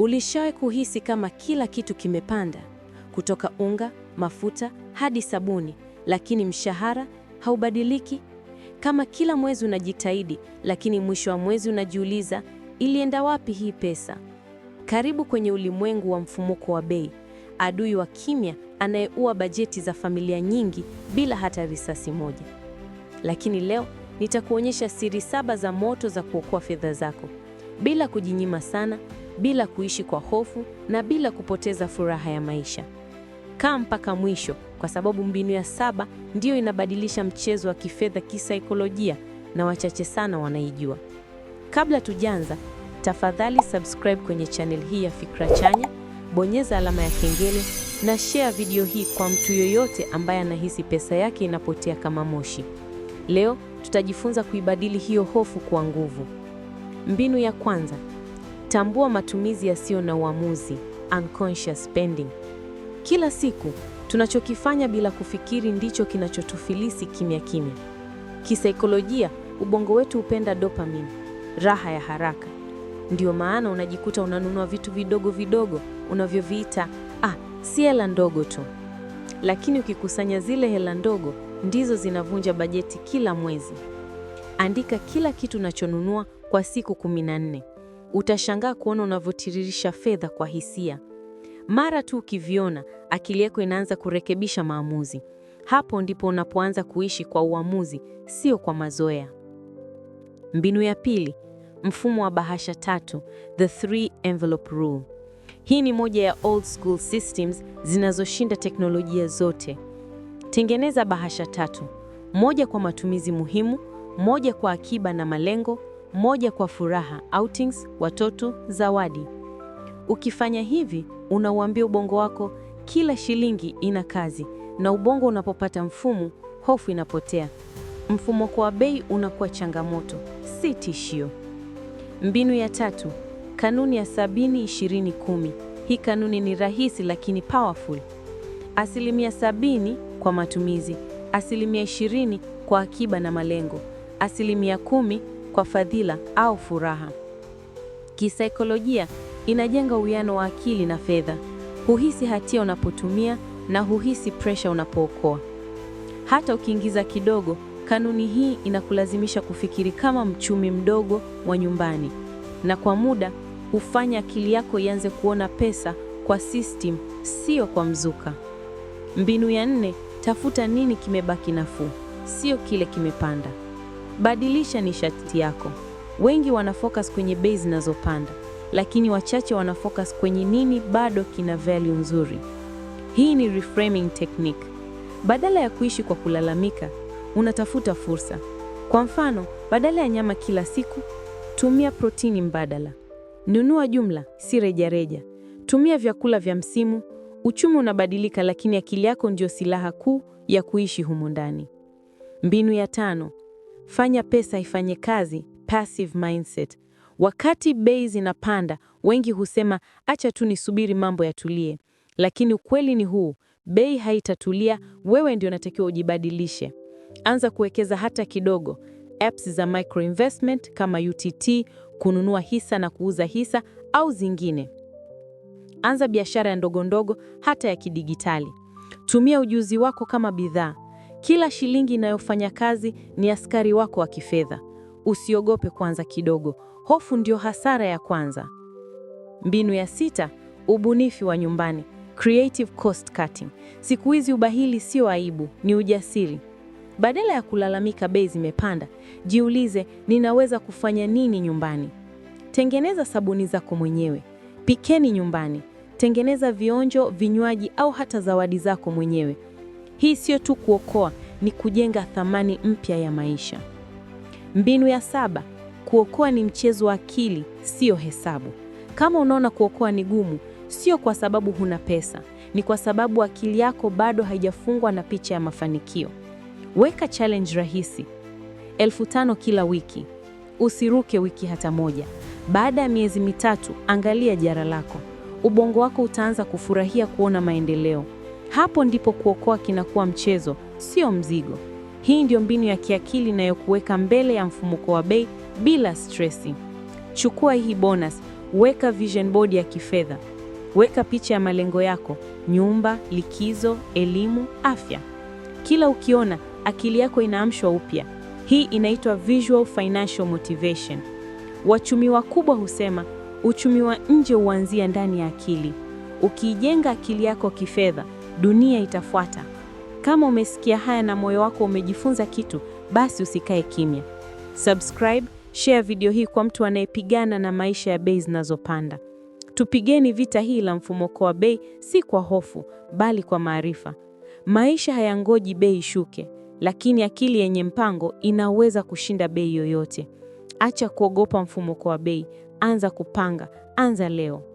Ulishawahi kuhisi kama kila kitu kimepanda, kutoka unga, mafuta hadi sabuni, lakini mshahara haubadiliki? Kama kila mwezi unajitahidi, lakini mwisho wa mwezi unajiuliza, ilienda wapi hii pesa? Karibu kwenye ulimwengu wa mfumuko wa bei, adui wa kimya anayeua bajeti za familia nyingi bila hata risasi moja. Lakini leo nitakuonyesha siri saba za moto za kuokoa fedha zako bila kujinyima sana bila kuishi kwa hofu na bila kupoteza furaha ya maisha. Kaa mpaka mwisho, kwa sababu mbinu ya saba ndiyo inabadilisha mchezo wa kifedha kisaikolojia, na wachache sana wanaijua. Kabla tujanza, tafadhali subscribe kwenye channel hii ya Fikra Chanya, bonyeza alama ya kengele na share video hii kwa mtu yoyote ambaye anahisi pesa yake inapotea kama moshi. Leo tutajifunza kuibadili hiyo hofu kuwa nguvu. Mbinu ya kwanza: Tambua matumizi yasiyo na uamuzi, unconscious spending. Kila siku tunachokifanya bila kufikiri ndicho kinachotufilisi kimya kimya. Kisaikolojia, ubongo wetu hupenda dopamine, raha ya haraka. Ndiyo maana unajikuta unanunua vitu vidogo vidogo unavyoviita ah, si hela ndogo tu, lakini ukikusanya zile hela ndogo ndizo zinavunja bajeti kila mwezi. Andika kila kitu unachonunua kwa siku 14. Utashangaa kuona unavyotiririsha fedha kwa hisia. Mara tu ukiviona, akili yako inaanza kurekebisha maamuzi. Hapo ndipo unapoanza kuishi kwa uamuzi, sio kwa mazoea. Mbinu ya pili, mfumo wa bahasha tatu, the three envelope rule. Hii ni moja ya old school systems zinazoshinda teknolojia zote. Tengeneza bahasha tatu, moja kwa matumizi muhimu, moja kwa akiba na malengo, moja kwa furaha, outings, watoto, zawadi. Ukifanya hivi, unauambia ubongo wako kila shilingi ina kazi, na ubongo unapopata mfumo, hofu inapotea. Mfumuko wa bei unakuwa changamoto, si tishio. Mbinu ya tatu, kanuni ya sabini ishirini kumi. Hii kanuni ni rahisi lakini powerful. Asilimia sabini kwa matumizi, asilimia ishirini kwa akiba na malengo, asilimia kumi kwa fadhila au furaha. Kisaikolojia inajenga uwiano wa akili na fedha. Huhisi hatia unapotumia na huhisi presha unapookoa. Hata ukiingiza kidogo, kanuni hii inakulazimisha kufikiri kama mchumi mdogo wa nyumbani, na kwa muda hufanya akili yako ianze kuona pesa kwa system, sio kwa mzuka. Mbinu ya nne, tafuta nini kimebaki nafuu, sio kile kimepanda. Badilisha nishati yako. Wengi wanafocus kwenye bei zinazopanda, lakini wachache wanafocus kwenye nini bado kina value nzuri. Hii ni reframing technique. Badala ya kuishi kwa kulalamika, unatafuta fursa. Kwa mfano, badala ya nyama kila siku, tumia protini mbadala. Nunua jumla, si rejareja. Tumia vyakula vya msimu. Uchumi unabadilika, lakini akili yako ndio silaha kuu ya kuishi humu ndani. Mbinu ya tano: fanya pesa ifanye kazi, passive mindset. Wakati bei zinapanda, wengi husema acha tu nisubiri mambo yatulie, lakini ukweli ni huu, bei haitatulia. Wewe ndio unatakiwa ujibadilishe. Anza kuwekeza hata kidogo, apps za microinvestment kama UTT, kununua hisa na kuuza hisa au zingine. Anza biashara ya ndogo ndogo, hata ya kidigitali. Tumia ujuzi wako kama bidhaa. Kila shilingi inayofanya kazi ni askari wako wa kifedha. Usiogope kwanza kidogo, hofu ndio hasara ya kwanza. Mbinu ya sita, ubunifu wa nyumbani, creative cost cutting. Siku hizi ubahili sio aibu, ni ujasiri. Badala ya kulalamika bei zimepanda, jiulize ninaweza kufanya nini nyumbani? Tengeneza sabuni zako mwenyewe, pikeni nyumbani, tengeneza vionjo, vinywaji au hata zawadi zako mwenyewe. Hii siyo tu kuokoa, ni kujenga thamani mpya ya maisha. Mbinu ya saba, kuokoa ni mchezo wa akili, siyo hesabu. Kama unaona kuokoa ni gumu, sio kwa sababu huna pesa, ni kwa sababu akili yako bado haijafungwa na picha ya mafanikio. Weka challenge rahisi, elfu tano kila wiki. Usiruke wiki hata moja. Baada ya miezi mitatu, angalia jara lako. Ubongo wako utaanza kufurahia kuona maendeleo. Hapo ndipo kuokoa kinakuwa mchezo, sio mzigo. Hii ndiyo mbinu ya kiakili inayokuweka mbele ya mfumuko wa bei bila stressi Chukua hii bonus, weka vision board ya kifedha. Weka picha ya malengo yako: nyumba, likizo, elimu, afya. Kila ukiona akili yako inaamshwa upya. Hii inaitwa visual financial motivation. Wachumi wakubwa husema uchumi wa nje huanzia ndani ya akili. Ukiijenga akili yako kifedha dunia itafuata. Kama umesikia haya na moyo wako umejifunza kitu, basi usikae kimya. Subscribe, share video hii kwa mtu anayepigana na maisha ya bei zinazopanda. Tupigeni vita hii la mfumuko wa bei, si kwa hofu, bali kwa maarifa. Maisha hayangoji bei ishuke, lakini akili yenye mpango inaweza kushinda bei yoyote. Acha kuogopa mfumuko wa bei, anza kupanga, anza leo.